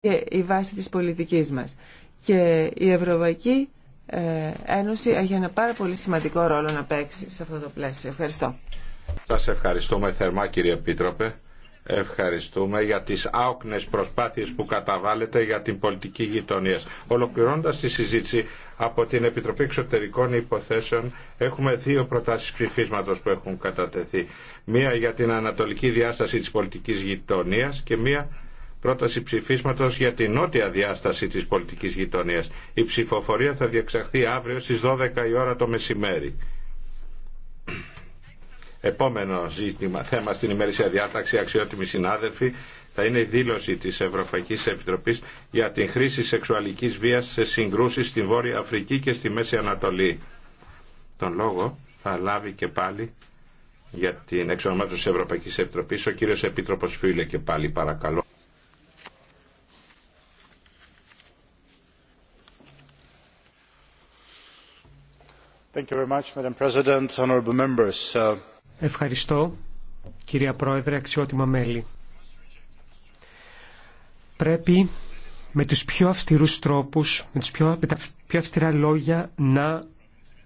και η βάση της πολιτικής μας. Και η Ευρωπαϊκή ε, Ένωση έχει ένα πάρα πολύ σημαντικό ρόλο να παίξει σε αυτό το πλαίσιο. Ευχαριστώ. Σας ευχαριστούμε θερμά κύριε Επίτροπε. Ευχαριστούμε για τις άοκνες προσπάθειες που καταβάλλετε για την πολιτική γειτονία. Ολοκληρώνοντας τη συζήτηση από την Επιτροπή Εξωτερικών Υποθέσεων έχουμε δύο προτάσεις ψηφίσματος που έχουν κατατεθεί. Μία για την ανατολική διάσταση της πολιτικής γειτονία και μία πρόταση ψηφίσματος για την νότια διάσταση τη πολιτική γειτονία. Η ψηφοφορία θα διεξαχθεί αύριο στι 12 η ώρα το μεσημέρι. Επόμενο ζήτημα, θέμα στην ημερήσια διάταξη, αξιότιμοι συνάδελφοι, θα είναι η δήλωση της Ευρωπαϊκής Επιτροπής για την χρήση σεξουαλικής βίας σε συγκρούσεις στη Βόρεια Αφρική και στη Μέση Ανατολή. Τον λόγο θα λάβει και πάλι για την εξονομάτωση της Ευρωπαϊκής Επιτροπής ο κύριος Επίτροπος Φίλε και πάλι παρακαλώ. Uh, Ευχαριστώ, κυρία Πρόεδρε, αξιότιμα μέλη. Πρέπει με τους πιο αυστηρούς τρόπους, με, τους πιο, τα πιο αυστηρά λόγια να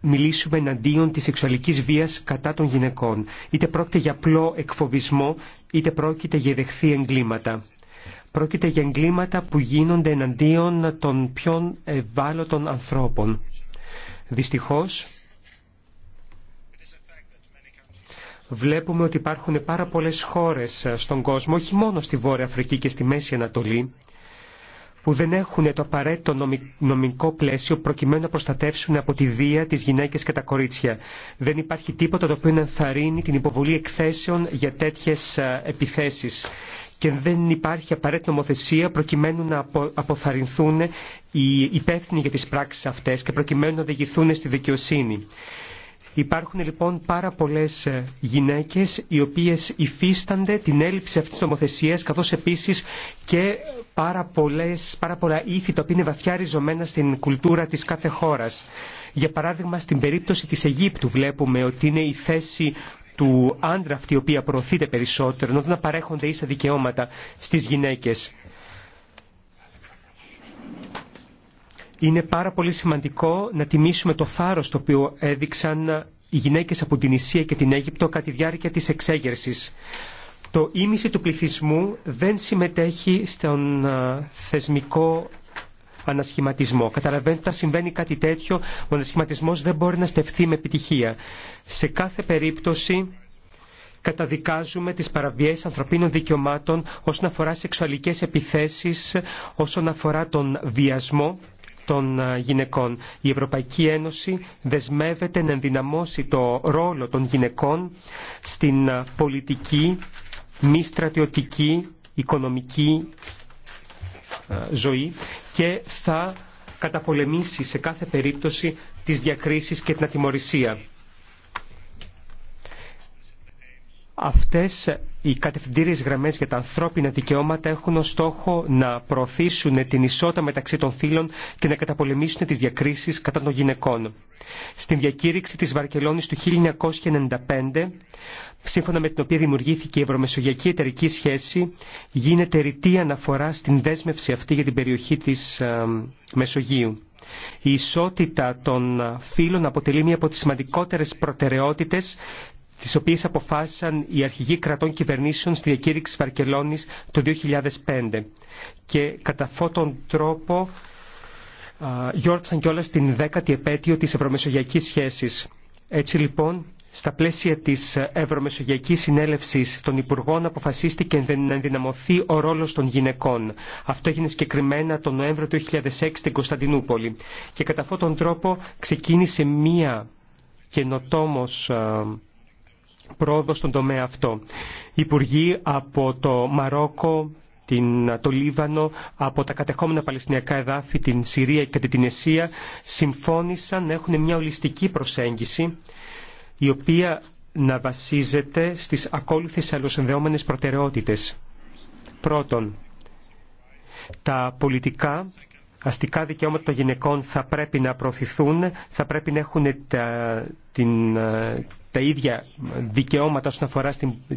μιλήσουμε εναντίον της σεξουαλικής βίας κατά των γυναικών. Είτε πρόκειται για απλό εκφοβισμό, είτε πρόκειται για δεχθεί εγκλήματα. Πρόκειται για εγκλήματα που γίνονται εναντίον των πιο ευάλωτων ανθρώπων. Δυστυχώς, βλέπουμε ότι υπάρχουν πάρα πολλές χώρες ε, στον κόσμο, όχι μόνο στη Βόρεια Αφρική και στη Μέση Ανατολή, που δεν έχουν το απαραίτητο νομικό πλαίσιο προκειμένου να προστατεύσουν από τη βία τις γυναίκες και τα κορίτσια. Δεν υπάρχει τίποτα το οποίο να ενθαρρύνει την υποβολή εκθέσεων για τέτοιες ε, επιθέσεις και δεν υπάρχει απαραίτητη νομοθεσία προκειμένου να αποθαρρυνθούν οι υπεύθυνοι για τις πράξεις αυτές και προκειμένου να οδηγηθούν στη δικαιοσύνη. Υπάρχουν λοιπόν πάρα πολλές ε, γυναίκες οι οποίες υφίστανται την έλλειψη αυτής της νομοθεσίας καθώς επίσης και πάρα, πολλές, πάρα πολλά ήθη τα οποία είναι βαθιά ριζωμένα στην κουλτούρα της κάθε χώρας. Για παράδειγμα στην περίπτωση της Αιγύπτου βλέπουμε ότι είναι η θέση του άντρα αυτή η οποία προωθείται περισσότερο, ενώ δεν παρέχονται ίσα δικαιώματα στις γυναίκες. Είναι πάρα πολύ σημαντικό να τιμήσουμε το θάρρο το οποίο έδειξαν οι γυναίκες από την Ισία και την Αίγυπτο κατά τη διάρκεια της εξέγερσης. Το ίμιση του πληθυσμού δεν συμμετέχει στον θεσμικό ανασχηματισμό. Καταλαβαίνετε, όταν συμβαίνει κάτι τέτοιο, ο ανασχηματισμός δεν μπορεί να στεφθεί με επιτυχία. Σε κάθε περίπτωση καταδικάζουμε τις παραβιές ανθρωπίνων δικαιωμάτων όσον αφορά σεξουαλικές επιθέσεις, όσον αφορά τον βιασμό των γυναικών. Η Ευρωπαϊκή Ένωση δεσμεύεται να ενδυναμώσει το ρόλο των γυναικών στην πολιτική, μη στρατιωτική, οικονομική ζωή και θα καταπολεμήσει σε κάθε περίπτωση τις διακρίσεις και την ατιμορρησία. Αυτές οι κατευθυντήριες γραμμές για τα ανθρώπινα δικαιώματα έχουν ως στόχο να προωθήσουν την ισότητα μεταξύ των φύλων και να καταπολεμήσουν τις διακρίσεις κατά των γυναικών. Στην διακήρυξη της Βαρκελόνης του 1995, σύμφωνα με την οποία δημιουργήθηκε η Ευρωμεσογειακή Εταιρική Σχέση, γίνεται ρητή αναφορά στην δέσμευση αυτή για την περιοχή της ε, Μεσογείου. Η ισότητα των ε, φύλων αποτελεί μία από τις σημαντικότερες προτεραιότητες τις οποίες αποφάσισαν οι αρχηγοί κρατών κυβερνήσεων στη διακήρυξη Βαρκελόνης το 2005 και κατά αυτόν τον τρόπο γιόρτσαν κιόλα την δέκατη επέτειο της ευρωμεσογειακής σχέσης. Έτσι λοιπόν, στα πλαίσια της Ευρωμεσογειακής Συνέλευσης των Υπουργών αποφασίστηκε να ενδυναμωθεί ο ρόλος των γυναικών. Αυτό έγινε συγκεκριμένα τον Νοέμβριο του 2006 στην Κωνσταντινούπολη. Και κατά αυτόν τον τρόπο ξεκίνησε μία καινοτόμος πρόοδο στον τομέα αυτό. Υπουργοί από το Μαρόκο, την, το Λίβανο, από τα κατεχόμενα Παλαιστινιακά εδάφη, την Συρία και την Εσία συμφώνησαν να έχουν μια ολιστική προσέγγιση, η οποία να βασίζεται στις ακόλουθες αλλοσυνδεόμενες προτεραιότητες. Πρώτον, τα πολιτικά αστικά δικαιώματα των γυναικών θα πρέπει να προωθηθούν, θα πρέπει να έχουν τα, την, τα ίδια δικαιώματα όσον αφορά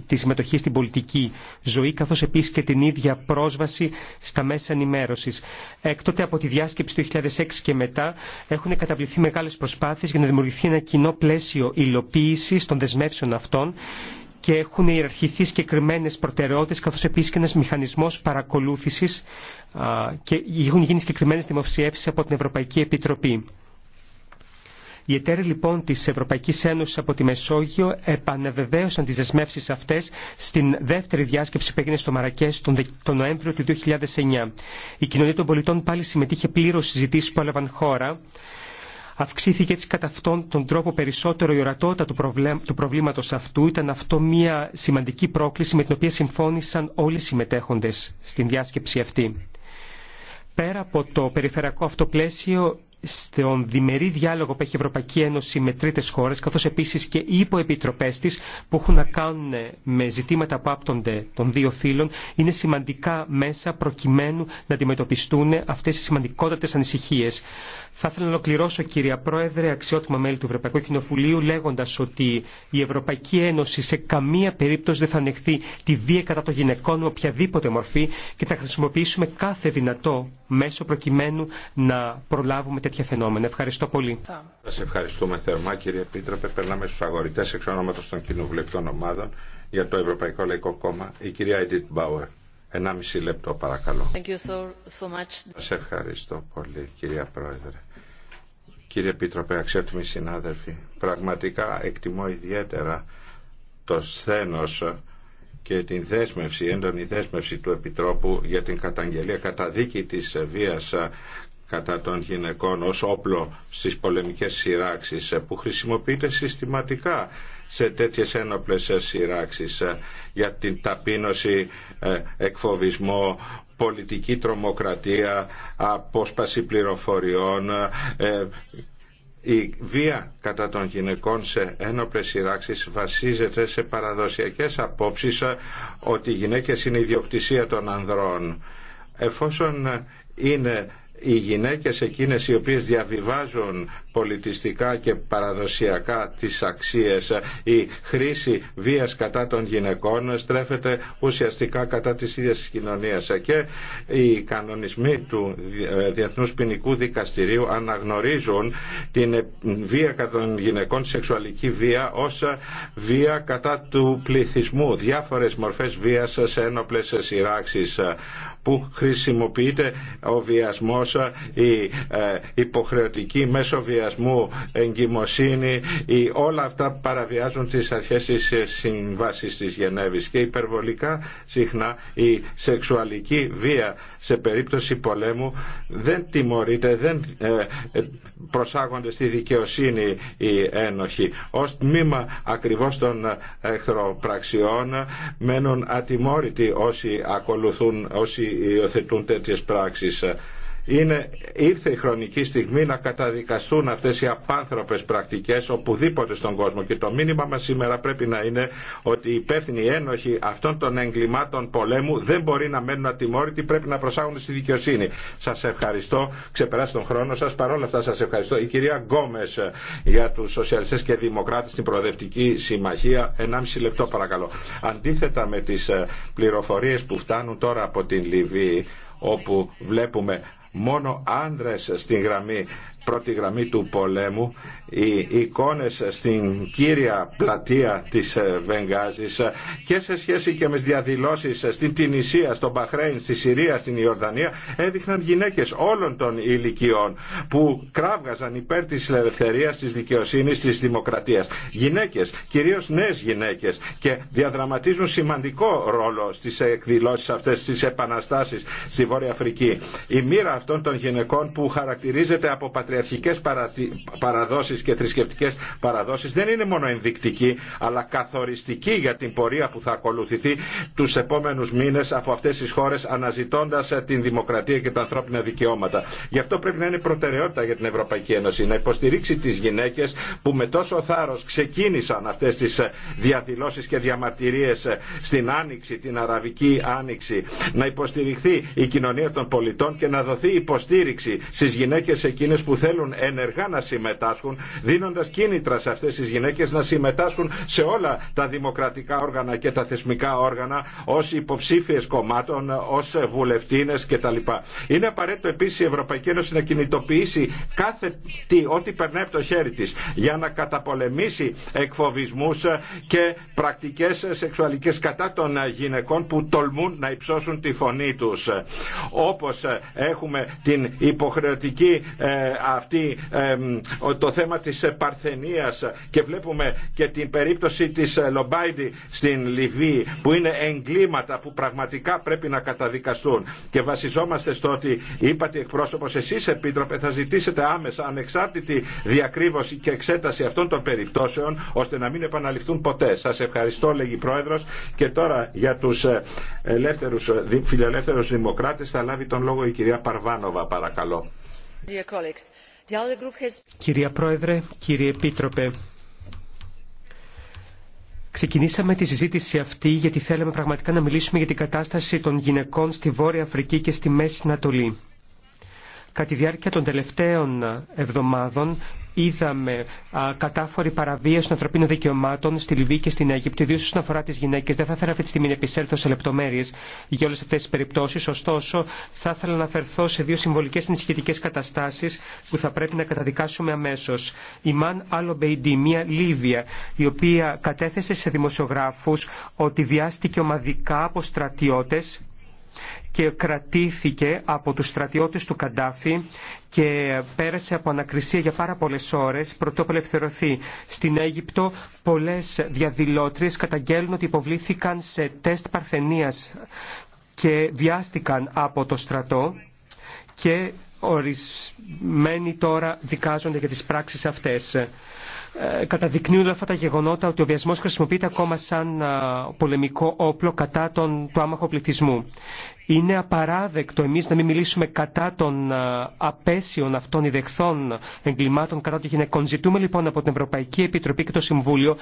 τη συμμετοχή στην πολιτική ζωή, καθώς επίσης και την ίδια πρόσβαση στα μέσα ενημέρωσης. Έκτοτε από τη διάσκεψη του 2006 και μετά έχουν καταβληθεί μεγάλες προσπάθειες για να δημιουργηθεί ένα κοινό πλαίσιο υλοποίησης των δεσμεύσεων αυτών και έχουν ιεραρχηθεί συγκεκριμένε προτεραιότητε, καθώ επίση και ένα μηχανισμό παρακολούθηση και έχουν γίνει συγκεκριμένε δημοσιεύσει από την Ευρωπαϊκή Επιτροπή. Οι εταίροι λοιπόν τη Ευρωπαϊκή Ένωση από τη Μεσόγειο επαναβεβαίωσαν τι δεσμεύσει αυτέ στην δεύτερη διάσκεψη που έγινε στο Μαρακέ τον, Νοέμβριο του 2009. Η κοινωνία των πολιτών πάλι συμμετείχε πλήρω πλήρως συζητήσει που έλαβαν χώρα Αυξήθηκε έτσι κατά αυτόν τον τρόπο περισσότερο η ορατότητα του, προβλήματο του προβλήματος αυτού. Ήταν αυτό μια σημαντική πρόκληση με την οποία συμφώνησαν όλοι οι συμμετέχοντες στην διάσκεψη αυτή. Πέρα από το περιφερειακό αυτό πλαίσιο, στον διμερή διάλογο που έχει η Ευρωπαϊκή Ένωση με τρίτε χώρε, καθώ επίση και οι υποεπιτροπέ τη που έχουν να κάνουν με ζητήματα που άπτονται των δύο φύλων, είναι σημαντικά μέσα προκειμένου να αντιμετωπιστούν αυτέ οι σημαντικότατε ανησυχίε. Θα ήθελα να ολοκληρώσω, κύριε Πρόεδρε, αξιότιμα μέλη του Ευρωπαϊκού Κοινοβουλίου, λέγοντα ότι η Ευρωπαϊκή Ένωση σε καμία περίπτωση δεν θα ανεχθεί τη βία κατά των γυναικών με οποιαδήποτε μορφή και θα χρησιμοποιήσουμε κάθε δυνατό μέσο προκειμένου να προλάβουμε τέτοια φαινόμενα. Ευχαριστώ πολύ. Σα ευχαριστούμε θερμά, κύριε Επίτροπε. Περνάμε στου αγορητέ εξ ονόματο των κοινοβουλευτικών ομάδων για το Ευρωπαϊκό Λαϊκό Κόμμα, η κυρία Edith Μπάουερ. 1,5 λεπτό παρακαλώ. Thank so, so ευχαριστώ πολύ κυρία Πρόεδρε. Κύριε Επίτροπε, αξιότιμοι συνάδελφοι, πραγματικά εκτιμώ ιδιαίτερα το σθένος και την δέσμευση, έντονη δέσμευση του Επιτρόπου για την καταγγελία κατά δίκη της βίας κατά των γυναικών ως όπλο στις πολεμικές σειράξεις ε, που χρησιμοποιείται συστηματικά σε τέτοιες ένοπλες ε, σειράξεις ε, για την ταπείνωση, εκφοβισμό, πολιτική τρομοκρατία, απόσπαση πληροφοριών, η βία κατά των γυναικών σε ένοπλες σειράξεις βασίζεται σε παραδοσιακές απόψεις ότι οι γυναίκες είναι ιδιοκτησία των ανδρών. Εφόσον είναι οι γυναίκες εκείνες οι οποίες διαβιβάζουν πολιτιστικά και παραδοσιακά τις αξίες η χρήση βίας κατά των γυναικών στρέφεται ουσιαστικά κατά της ίδιας της κοινωνίας και οι κανονισμοί του Διεθνούς Ποινικού Δικαστηρίου αναγνωρίζουν την βία κατά των γυναικών, σεξουαλική βία ως βία κατά του πληθυσμού διάφορες μορφές βίας σε ένοπλες σειράξεις που χρησιμοποιείται ο βιασμός, η ε, υποχρεωτική μέσω βιασμού εγκυμοσύνη, η, όλα αυτά παραβιάζουν τις αρχές της συμβάσης της Γενέβης και υπερβολικά συχνά η σεξουαλική βία σε περίπτωση πολέμου δεν τιμωρείται, δεν ε, ε, προσάγονται στη δικαιοσύνη οι ένοχοι. Ως τμήμα ακριβώς των εχθροπραξιών μένουν ατιμόρυτοι όσοι ακολουθούν, όσοι υιοθετούν τέτοιες πράξεις ε, είναι, ήρθε η χρονική στιγμή να καταδικαστούν αυτές οι απάνθρωπες πρακτικές οπουδήποτε στον κόσμο και το μήνυμα μας σήμερα πρέπει να είναι ότι οι υπεύθυνοι ένοχοι αυτών των εγκλημάτων πολέμου δεν μπορεί να μένουν ατιμόρυτοι, πρέπει να προσάγουν στη δικαιοσύνη. Σας ευχαριστώ, ξεπεράσει τον χρόνο σας, παρόλα αυτά σας ευχαριστώ. Η κυρία Γκόμες για τους σοσιαλιστές και δημοκράτες στην Προοδευτική Συμμαχία, 1,5 λεπτό παρακαλώ. Αντίθετα με τις ε, πληροφορίες που φτάνουν τώρα από την Λιβύη, όπου βλέπουμε μόνο άντρες στην γραμμή, πρώτη γραμμή του πολέμου οι εικόνες στην κύρια πλατεία της ε, Βενγάζης ε, και σε σχέση και με διαδηλώσει διαδηλώσεις ε, στην Τινησία, στον Μπαχρέιν, στη Συρία, στην Ιορδανία έδειχναν γυναίκες όλων των ηλικιών που κράβγαζαν υπέρ της ελευθερίας, της δικαιοσύνης, της δημοκρατίας. Γυναίκες, κυρίως νέες γυναίκες και διαδραματίζουν σημαντικό ρόλο στις εκδηλώσεις αυτές, στις επαναστάσεις στη Βόρεια Αφρική. Η μοίρα αυτών των γυναικών που χαρακτηρίζεται από πατριαρχικές παραδόσεις παραδόσεις και θρησκευτικές παραδόσεις δεν είναι μόνο ενδεικτική αλλά καθοριστική για την πορεία που θα ακολουθηθεί τους επόμενους μήνες από αυτές τις χώρες αναζητώντας ε, την δημοκρατία και τα ανθρώπινα δικαιώματα. Γι' αυτό πρέπει να είναι προτεραιότητα για την Ευρωπαϊκή Ένωση να υποστηρίξει τις γυναίκες που με τόσο θάρρος ξεκίνησαν αυτές τις ε, διαδηλώσεις και διαμαρτυρίες ε, στην Άνοιξη, την Αραβική Άνοιξη. Να υποστηριχθεί η κοινωνία των πολιτών και να δοθεί υποστήριξη στις γυναίκες εκείνες που θέλουν ενεργά να συμμετάσχουν δίνοντας κίνητρα σε αυτές τις γυναίκες να συμμετάσχουν σε όλα τα δημοκρατικά όργανα και τα θεσμικά όργανα ως υποψήφιες κομμάτων, ως βουλευτίνες κτλ. Είναι απαραίτητο επίσης η Ευρωπαϊκή Ένωση να κινητοποιήσει κάθε τι, ό,τι περνάει από το χέρι της για να καταπολεμήσει εκφοβισμούς και πρακτικές σεξουαλικές κατά των γυναικών που τολμούν να υψώσουν τη φωνή τους. Όπως έχουμε την υποχρεωτική ε, αυτή ε, το θέμα της ε, Παρθενίας και βλέπουμε και την περίπτωση της ε, Λομπάιντι στην Λιβύη που είναι εγκλήματα που πραγματικά πρέπει να καταδικαστούν και βασιζόμαστε στο ότι είπατε εκπρόσωπος εσείς επίτροπε θα ζητήσετε άμεσα ανεξάρτητη διακρύβωση και εξέταση αυτών των περιπτώσεων ώστε να μην επαναληφθούν ποτέ. Σας ευχαριστώ λέγει Πρόεδρος και τώρα για τους ε, ελεύθερους, φιλελεύθερους δημοκράτες θα λάβει τον λόγο η κυρία Παρβάνοβα παρακαλώ. Κυρία Πρόεδρε, κύριε Επίτροπε, ξεκινήσαμε τη συζήτηση αυτή γιατί θέλαμε πραγματικά να μιλήσουμε για την κατάσταση των γυναικών στη Βόρεια Αφρική και στη Μέση Ανατολή. Κατά τη διάρκεια των τελευταίων εβδομάδων είδαμε α, κατάφορη παραβίαση των ανθρωπίνων δικαιωμάτων στη Λιβύη και στην Αίγυπτο, ιδίω όσον αφορά τι γυναίκε. Δεν θα ήθελα αυτή τη στιγμή να επισέλθω σε λεπτομέρειε για όλε αυτέ τι περιπτώσει. Ωστόσο, θα ήθελα να αναφερθώ σε δύο συμβολικέ ενισχυτικέ καταστάσει που θα πρέπει να καταδικάσουμε αμέσω. Η Μαν Αλομπεϊντή, μία Λίβια, η οποία κατέθεσε σε δημοσιογράφου ότι διάστηκε ομαδικά από στρατιώτε και κρατήθηκε από τους στρατιώτες του Καντάφη και πέρασε από ανακρισία για πάρα πολλές ώρες πρωτού Στην Αίγυπτο πολλές διαδηλώτριες καταγγέλνουν ότι υποβλήθηκαν σε τεστ παρθενίας και βιάστηκαν από το στρατό και ορισμένοι τώρα δικάζονται για τις πράξεις αυτές. Ε, καταδεικνύουν όλα αυτά τα γεγονότα ότι ο βιασμό χρησιμοποιείται ακόμα σαν ε, πολεμικό όπλο κατά τον, του άμαχου πληθυσμού. Είναι απαράδεκτο εμείς να μην μιλήσουμε κατά των απέσιων αυτών ιδεχθών εγκλημάτων κατά των γυναικών. Ζητούμε λοιπόν από την Ευρωπαϊκή Επιτροπή και το Συμβούλιο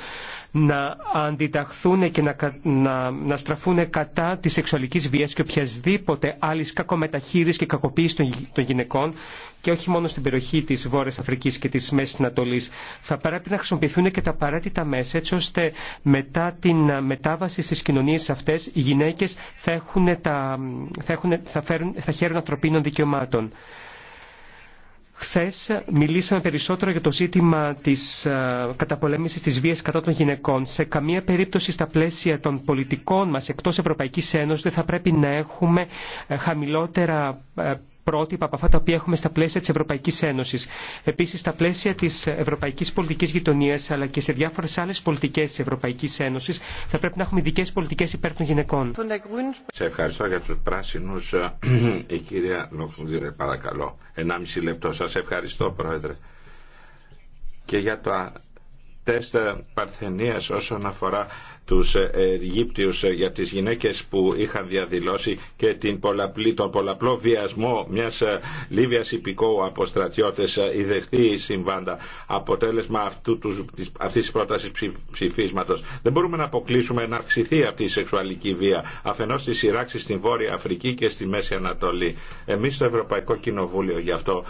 να αντιταχθούν και να, να, να στραφούν κατά της σεξουαλικής βίας και οποιασδήποτε άλλης κακομεταχείριση και κακοποίησης των, των γυναικών και όχι μόνο στην περιοχή της Βόρειας Αφρικής και της Μέσης Ανατολής. Θα πρέπει να χρησιμοποιηθούν και τα απαραίτητα μέσα έτσι ώστε μετά την μετάβαση στις κοινωνίες αυτές οι γυναίκες θα έχουν τα θα, έχουν, θα, φέρουν, θα χαίρουν ανθρωπίνων δικαιωμάτων. Χθε μιλήσαμε περισσότερο για το ζήτημα τη ε, καταπολέμηση τη βία κατά των γυναικών. Σε καμία περίπτωση στα πλαίσια των πολιτικών μα εκτό Ευρωπαϊκή Ένωση δεν θα πρέπει να έχουμε ε, χαμηλότερα ε, πρότυπα από αυτά τα οποία έχουμε στα πλαίσια της Ευρωπαϊκής Ένωσης. Επίσης, στα πλαίσια της Ευρωπαϊκής Πολιτικής Γειτονίας, αλλά και σε διάφορες άλλες πολιτικές της Ευρωπαϊκής Ένωσης, θα πρέπει να έχουμε ειδικέ πολιτικές υπέρ των γυναικών. Σε ευχαριστώ για τους πράσινους. Η κυρία Νοχμουδίρε, παρακαλώ. 1,5 λεπτό. Σας ευχαριστώ, Πρόεδρε. Και για τα τεστ παρθενίας όσον αφορά τους Αιγύπτιους για τις γυναίκες που είχαν διαδηλώσει και την πολλαπλή, τον πολλαπλό βιασμό μιας Λίβιας υπηκόου από στρατιώτες η δεχτή συμβάντα αποτέλεσμα αυτού, αυτής της πρότασης ψηφίσματος. Δεν μπορούμε να αποκλείσουμε να αυξηθεί αυτή η σεξουαλική βία αφενός στις σειράξεις στην Βόρεια Αφρική και στη Μέση Ανατολή. Εμείς στο Ευρωπαϊκό Κοινοβούλιο γι' αυτό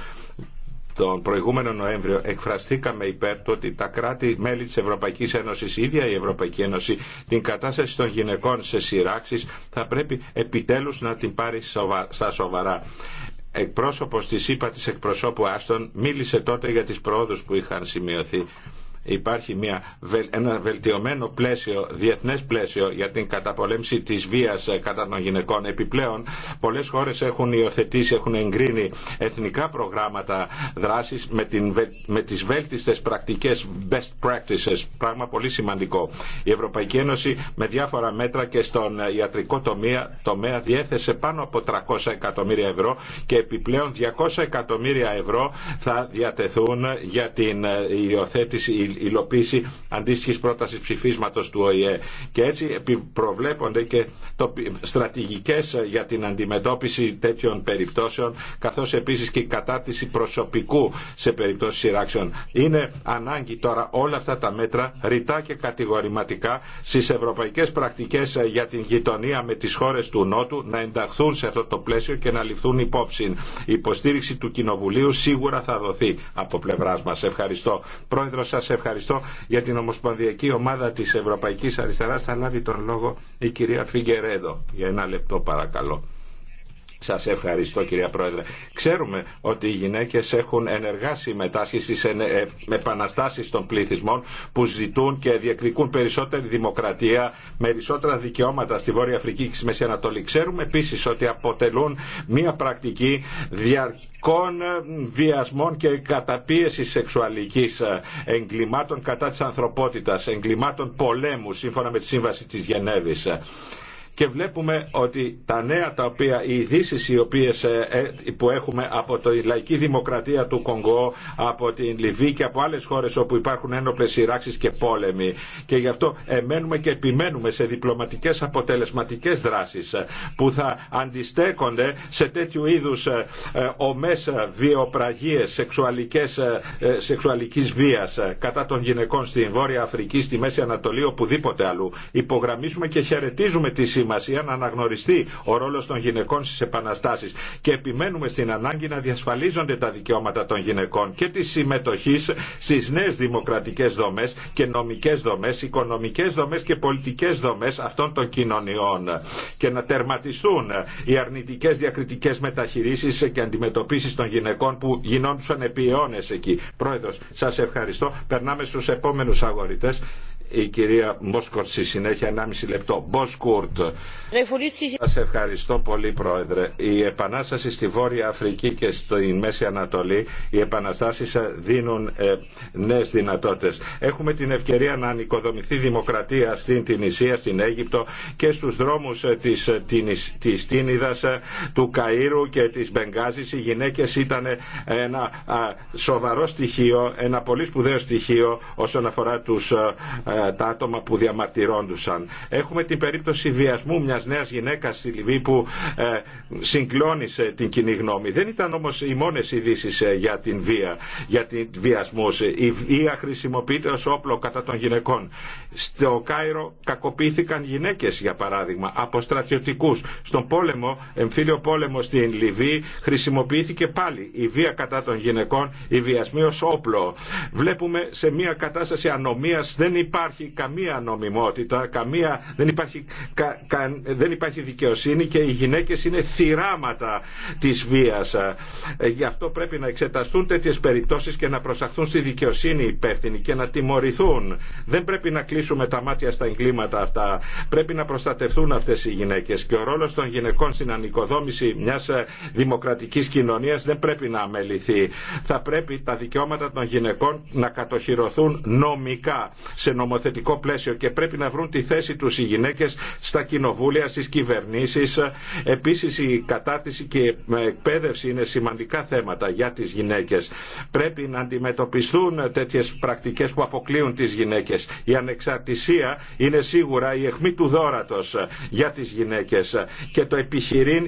τον προηγούμενο Νοέμβριο εκφραστήκαμε υπέρ του ότι τα κράτη-μέλη της Ευρωπαϊκής Ένωσης, η ίδια η Ευρωπαϊκή Ένωση, την κατάσταση των γυναικών σε σειράξεις θα πρέπει επιτέλους να την πάρει στα σοβαρά. Εκπρόσωπος της ΥΠΑ της εκπροσώπου Άστον μίλησε τότε για τις πρόοδους που είχαν σημειωθεί υπάρχει μια, ένα βελτιωμένο πλαίσιο, διεθνές πλαίσιο για την καταπολέμηση της βίας ε, κατά των γυναικών. Επιπλέον, πολλές χώρες έχουν υιοθετήσει, έχουν εγκρίνει εθνικά προγράμματα δράσης με, την, με τις βέλτιστες πρακτικές best practices, πράγμα πολύ σημαντικό. Η Ευρωπαϊκή Ένωση με διάφορα μέτρα και στον ε, ιατρικό τομέα, τομέα διέθεσε πάνω από 300 εκατομμύρια ευρώ και επιπλέον 200 εκατομμύρια ευρώ θα διατεθούν για την ε, υιοθέτηση υλοποίηση αντίστοιχη πρόταση ψηφίσματο του ΟΗΕ. Και έτσι προβλέπονται και στρατηγικέ για την αντιμετώπιση τέτοιων περιπτώσεων, καθώ επίση και η κατάρτιση προσωπικού σε περιπτώσει σειράξεων. Είναι ανάγκη τώρα όλα αυτά τα μέτρα ρητά και κατηγορηματικά στι ευρωπαϊκέ πρακτικέ για την γειτονία με τι χώρε του Νότου να ενταχθούν σε αυτό το πλαίσιο και να ληφθούν υπόψη. Η υποστήριξη του Κοινοβουλίου σίγουρα θα δοθεί από πλευρά μα. Ευχαριστώ. Πρόεδρο, σα ευχαριστώ ευχαριστώ για την Ομοσπονδιακή Ομάδα της Ευρωπαϊκής Αριστεράς. Θα λάβει τον λόγο η κυρία Φιγκερέδο. Για ένα λεπτό παρακαλώ. Σα ευχαριστώ κυρία Πρόεδρε. Ξέρουμε ότι οι γυναίκες έχουν ενεργά συμμετάσχει στι ε, επαναστάσει των πληθυσμών που ζητούν και διεκδικούν περισσότερη δημοκρατία, περισσότερα δικαιώματα στη Βόρεια Αφρική και στη Μέση Ανατολή. Ξέρουμε επίσης ότι αποτελούν μια πρακτική διαρκών ε, βιασμών και καταπίεση σεξουαλικής ε, εγκλημάτων κατά τη ανθρωπότητα, εγκλημάτων πολέμου σύμφωνα με τη Σύμβαση τη Γενέβη και βλέπουμε ότι τα νέα τα οποία, οι ειδήσει οι οποίες ε, ε, που έχουμε από τη λαϊκή δημοκρατία του Κονγκό, από την Λιβύη και από άλλες χώρες όπου υπάρχουν ένοπλες σειράξεις και πόλεμοι και γι' αυτό εμένουμε και επιμένουμε σε διπλωματικές αποτελεσματικές δράσεις που θα αντιστέκονται σε τέτοιου είδους ε, ομές βιοπραγίες σεξουαλικές, σεξουαλικής βίας κατά των γυναικών στην Βόρεια Αφρική, στη Μέση Ανατολή, οπουδήποτε αλλού. Υπογραμμίζουμε και χαιρετίζουμε τη σημασία να αναγνωριστεί ο ρόλο των γυναικών στι επαναστάσει και επιμένουμε στην ανάγκη να διασφαλίζονται τα δικαιώματα των γυναικών και τη συμμετοχή στι νέε δημοκρατικέ δομέ και νομικέ δομέ, οικονομικέ δομέ και πολιτικέ δομέ αυτών των κοινωνιών και να τερματιστούν οι αρνητικέ διακριτικέ μεταχειρήσει και αντιμετωπίσει των γυναικών που γινόντουσαν επί αιώνε εκεί. Πρόεδρο, σα ευχαριστώ. Περνάμε στου επόμενου αγορητέ η κυρία Μπόσκορτ στη συνέχεια 1,5 λεπτό. Μπόσκορτ. Σα ευχαριστώ πολύ, Πρόεδρε. Η επανάσταση στη Βόρεια Αφρική και στη Μέση Ανατολή, οι επαναστάσει δίνουν ε, νέε δυνατότητε. Έχουμε την ευκαιρία να ανοικοδομηθεί δημοκρατία στην Τινησία, στην Αίγυπτο και στου δρόμου ε, τη ε, Τίνιδα, ε, του Καΐρου και τη Μπενγάζη. Οι γυναίκε ήταν ένα σοβαρό στοιχείο, ένα πολύ σπουδαίο στοιχείο όσον αφορά του ε, τα άτομα που διαμαρτυρόντουσαν. Έχουμε την περίπτωση βιασμού μιας νέας γυναίκας στη Λιβύη που ε, συγκλώνησε την κοινή γνώμη. Δεν ήταν όμως οι μόνες ειδήσει ε, για την βία, για την βιασμού. Η βία χρησιμοποιείται ως όπλο κατά των γυναικών. Στο Κάιρο κακοποιήθηκαν γυναίκες για παράδειγμα από στρατιωτικούς. Στον πόλεμο, εμφύλιο πόλεμο στην Λιβύη χρησιμοποιήθηκε πάλι η βία κατά των γυναικών, η βιασμή ως όπλο. Βλέπουμε σε μια κατάσταση ανομίας δεν υπάρχει υπάρχει καμία νομιμότητα, καμία, δεν, υπάρχει, κα, δεν υπάρχει δικαιοσύνη και οι γυναίκες είναι θυράματα της βίας. Ε, γι' αυτό πρέπει να εξεταστούν τέτοιες περιπτώσεις και να προσαχθούν στη δικαιοσύνη υπεύθυνοι και να τιμωρηθούν. Δεν πρέπει να κλείσουμε τα μάτια στα εγκλήματα αυτά. Πρέπει να προστατευτούν αυτές οι γυναίκες και ο ρόλος των γυναικών στην ανοικοδόμηση μιας ε, δημοκρατικής κοινωνίας δεν πρέπει να αμεληθεί. Θα πρέπει τα δικαιώματα των γυναικών να κατοχυρωθούν νομικά σε νομοθετικό πλαίσιο και πρέπει να βρουν τη θέση του οι γυναίκε στα κοινοβούλια, στι κυβερνήσει. Επίση, η κατάρτιση και η εκπαίδευση είναι σημαντικά θέματα για τι γυναίκε. Πρέπει να αντιμετωπιστούν τέτοιε πρακτικέ που αποκλείουν τι γυναίκε. Η ανεξαρτησία είναι σίγουρα η αιχμή του δόρατο για τι γυναίκε. και το επιχειρήν,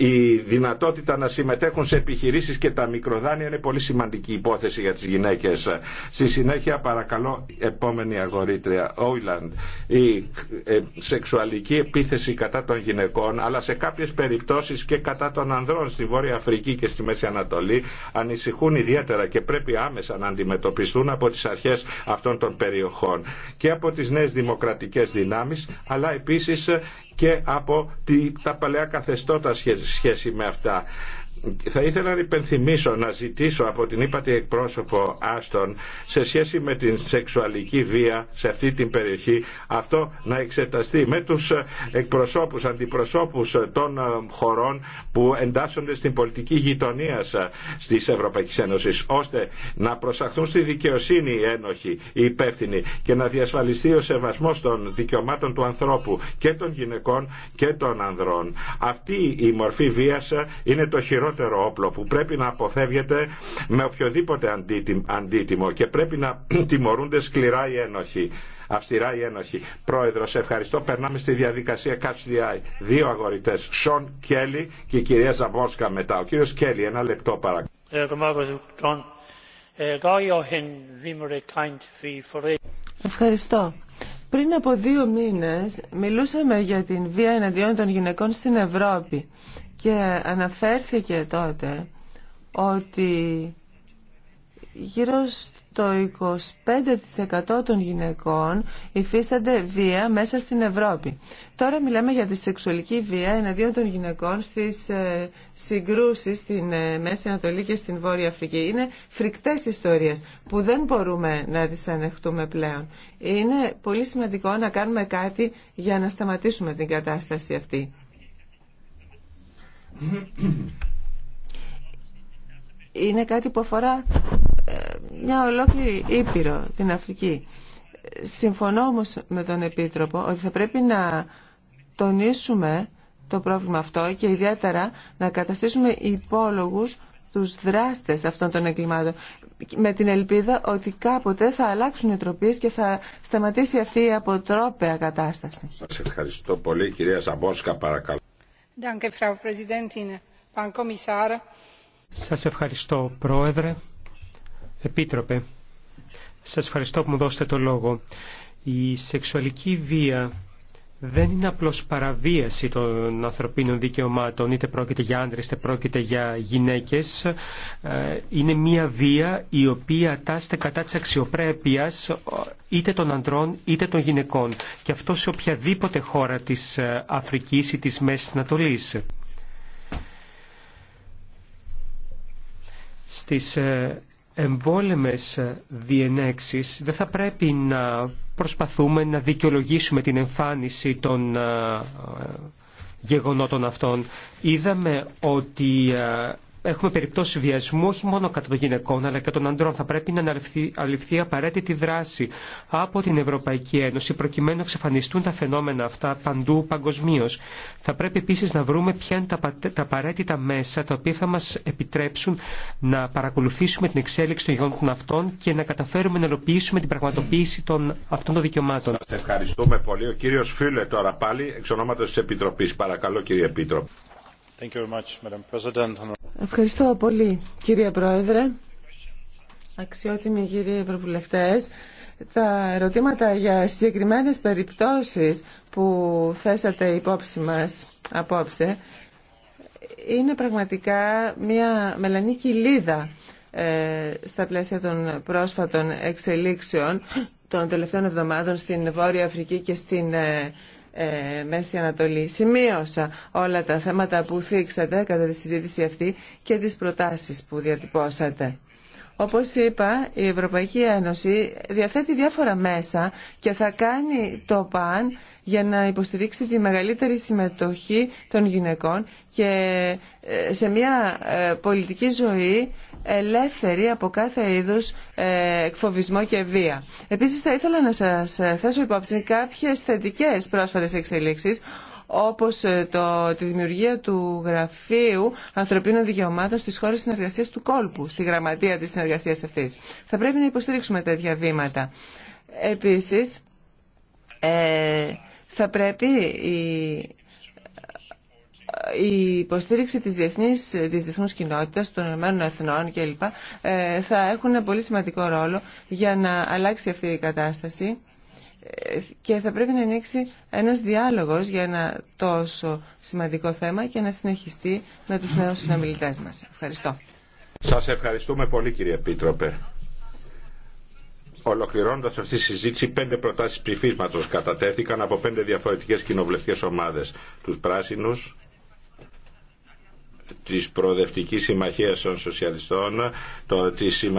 η δυνατότητα να συμμετέχουν σε επιχειρήσει και τα μικροδάνεια είναι πολύ σημαντική υπόθεση για τι γυναίκε. Στη συνέχεια παρακαλώ επόμενη αγώνα αγορήτρια Όιλαντ η ε, σεξουαλική επίθεση κατά των γυναικών αλλά σε κάποιες περιπτώσεις και κατά των ανδρών στη Βόρεια Αφρική και στη Μέση Ανατολή ανησυχούν ιδιαίτερα και πρέπει άμεσα να αντιμετωπιστούν από τις αρχές αυτών των περιοχών και από τις νέες δημοκρατικές δυνάμεις αλλά επίσης και από τα παλαιά καθεστώτα σχέση με αυτά θα ήθελα να υπενθυμίσω, να ζητήσω από την ύπατη εκπρόσωπο Άστον σε σχέση με την σεξουαλική βία σε αυτή την περιοχή αυτό να εξεταστεί με τους εκπροσώπους, αντιπροσώπους των ε, χωρών που εντάσσονται στην πολιτική γειτονία στις Ευρωπαϊκές Ένωσης ώστε να προσαχθούν στη δικαιοσύνη οι ένοχοι, οι υπεύθυνοι και να διασφαλιστεί ο σεβασμός των δικαιωμάτων του ανθρώπου και των γυναικών και των ανδρών. Αυτή η μορφή βίας ε, είναι το χειρότερο όπλο που πρέπει να αποφεύγεται με οποιοδήποτε αντίτιμο και πρέπει να τιμωρούνται σκληρά οι ένοχοι. Αυστηρά η Ένοχη. Πρόεδρο, ευχαριστώ. Περνάμε στη διαδικασία Catch Δύο αγορητέ, Σον Κέλλη και η κυρία Ζαμπόσκα μετά. Ο κύριο Κέλλη, ένα λεπτό παρακαλώ. Ε, ε, ευχαριστώ. Πριν από δύο μήνες μιλούσαμε για την βία εναντίον των γυναικών στην Ευρώπη και αναφέρθηκε τότε ότι γύρω στο 25% των γυναικών υφίστανται βία μέσα στην Ευρώπη. Τώρα μιλάμε για τη σεξουαλική βία εναντίον των γυναικών στις ε, συγκρούσεις στην ε, Μέση Ανατολή και στην Βόρεια Αφρική. Είναι φρικτές ιστορίες που δεν μπορούμε να τις ανεχτούμε πλέον. Είναι πολύ σημαντικό να κάνουμε κάτι για να σταματήσουμε την κατάσταση αυτή είναι κάτι που αφορά ε, μια ολόκληρη Ήπειρο, την Αφρική. Συμφωνώ όμως με τον Επίτροπο ότι θα πρέπει να τονίσουμε το πρόβλημα αυτό και ιδιαίτερα να καταστήσουμε υπόλογους τους δράστες αυτών των εγκλημάτων με την ελπίδα ότι κάποτε θα αλλάξουν οι τροπίες και θα σταματήσει αυτή η αποτρόπαια κατάσταση. Σας ευχαριστώ πολύ κυρία Σαμπόσκα παρακαλώ. Σας ευχαριστώ, Πρόεδρε. Επίτροπε, σας ευχαριστώ που μου δώσετε το λόγο. Η σεξουαλική βία δεν είναι απλώς παραβίαση των ανθρωπίνων δικαιωμάτων, είτε πρόκειται για άντρες, είτε πρόκειται για γυναίκες. Ε, είναι μία βία η οποία τάσσεται κατά της αξιοπρέπειας ε, είτε των ανδρών είτε των γυναικών. Και αυτό σε οποιαδήποτε χώρα της ε, Αφρικής ή της Μέσης Ανατολής. Στις εμβόλεμες διενέξεις δεν θα πρέπει να προσπαθούμε να δικαιολογήσουμε την εμφάνιση των ε, ε, γεγονότων αυτών. Είδαμε ότι ε, έχουμε περιπτώσει βιασμού όχι μόνο κατά των γυναικών αλλά και των ανδρών. Θα πρέπει να αναλυφθεί απαραίτητη δράση από την Ευρωπαϊκή Ένωση προκειμένου να εξαφανιστούν τα φαινόμενα αυτά παντού παγκοσμίω. Θα πρέπει επίση να βρούμε ποια είναι τα απαραίτητα μέσα τα οποία θα μα επιτρέψουν να παρακολουθήσουμε την εξέλιξη των γεγονότων αυτών και να καταφέρουμε να ελοποιήσουμε την πραγματοποίηση των αυτών των δικαιωμάτων. Σα ευχαριστούμε πολύ. Ο κύριο Φίλε τώρα πάλι εξ ονόματο τη Επιτροπή. Παρακαλώ κύριε Επίτροπο. Ευχαριστώ πολύ, κύριε Πρόεδρε. Αξιότιμοι κύριοι Ευρωβουλευτές, τα ερωτήματα για συγκεκριμένες περιπτώσεις που θέσατε υπόψη μας απόψε είναι πραγματικά μια μελανή κοιλίδα ε, στα πλαίσια των πρόσφατων εξελίξεων των τελευταίων εβδομάδων στην Βόρεια Αφρική και στην ε, ε, Μέση Ανατολή. Σημείωσα όλα τα θέματα που θίξατε κατά τη συζήτηση αυτή και τις προτάσεις που διατυπώσατε. Όπως είπα, η Ευρωπαϊκή Ένωση διαθέτει διάφορα μέσα και θα κάνει το ΠΑΝ για να υποστηρίξει τη μεγαλύτερη συμμετοχή των γυναικών και ε, σε μια ε, πολιτική ζωή ελεύθερη από κάθε είδους ε, εκφοβισμό και βία. Επίσης θα ήθελα να σας ε, θέσω υπόψη κάποιες θετικές πρόσφατες εξελίξεις όπως ε, το, τη δημιουργία του Γραφείου Ανθρωπίνων Δικαιωμάτων στις χώρες συνεργασίας του κόλπου, στη γραμματεία της συνεργασίας αυτής. Θα πρέπει να υποστηρίξουμε τέτοια βήματα. Επίσης, ε, θα πρέπει η υποστήριξη της διεθνής, της διεθνούς κοινότητας, των Ηνωμένων Εθνών κλπ. Ε, θα έχουν ένα πολύ σημαντικό ρόλο για να αλλάξει αυτή η κατάσταση ε, και θα πρέπει να ανοίξει ένας διάλογος για ένα τόσο σημαντικό θέμα και να συνεχιστεί με τους νέους συνομιλητές μας. Ευχαριστώ. Σας ευχαριστούμε πολύ κύριε Επίτροπε. Ολοκληρώνοντας αυτή τη συζήτηση, πέντε προτάσεις ψηφίσματος κατατέθηκαν από πέντε διαφορετικές κοινοβουλευτικές ομάδες. Τους πράσινους, της Προοδευτικής Συμμαχίας των Σοσιαλιστών, το, της